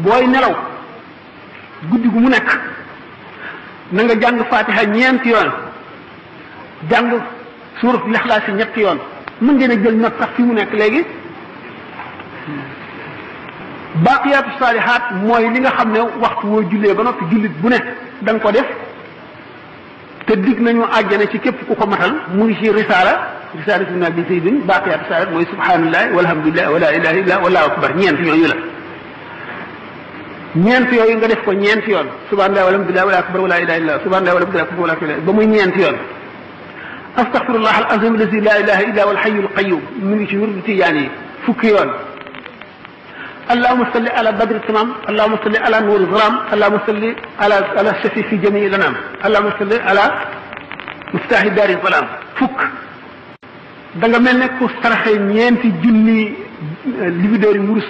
booy nelaw guddi gu mu nekk na nga jàng fatiha ñeenti yoon jàng suurat lixlaas yi ñetti yoon mun ngeen a jël note sax fi mu nekk léegi baaqiyaatu saalihaat mooy li nga xam ne waxtu woo jullee ba noppi jullit bu ne da nga ko def te dig nañu àjjana ci képp ku ko matal mu ngi ci risaala risaala fi naa bi saydin baaqiyaatu saalihaat mooy subhaanallahi walhamdulillahi wala ilaha illa allahu akbar ñeent yooyu la ñeent yooyu nga def ko ñeent yoon subhanallah walhamdulillah wala akbar wala ilaha illallah subhanallah walhamdulillah wala akbar ba muy ñeent yoon astaghfirullah al azim allazi la ilaha illa huwa al hayyul qayyum mi ngi ci wirdu tijaan yi fukki yoon allahuma salli ala badri tamam allahuma salli ala nuuri zalam allahuma salli ala ala shafi fi jamii lanam allahuma salli ala mustaahi daari zalam fukk da nga mel ne ku saraxe ñeenti junni libidéeri wurus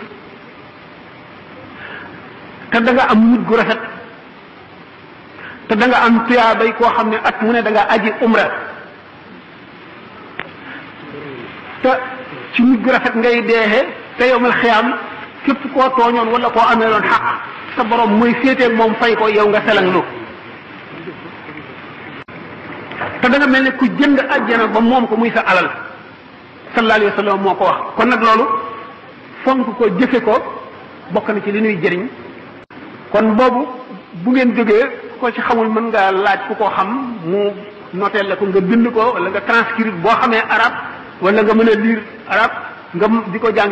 te da nga am nit gu rafet te da nga am tiyaba ko xam at mu ne da nga aji umra te ci nit gu rafet ngay deexe te yowul xiyaam képp ko toñon wala amé lon haa sa borom muy féeteeg mom fay ko yow nga lu te da nga melni ku jënd aljana ba mom ko muy sa alal sallallahu alayhi wasallam moko wax kon nak lolu fonk ko jëfé ko bokk na ci li ñuy jëriñ kon boobu bu ngeen jógee ko ci xamul mën nga laaj ku ko xam mu noteel la ko nga bind ko wala nga transcrire boo xamee arab walla nga mën a lire arab nga di ko jàng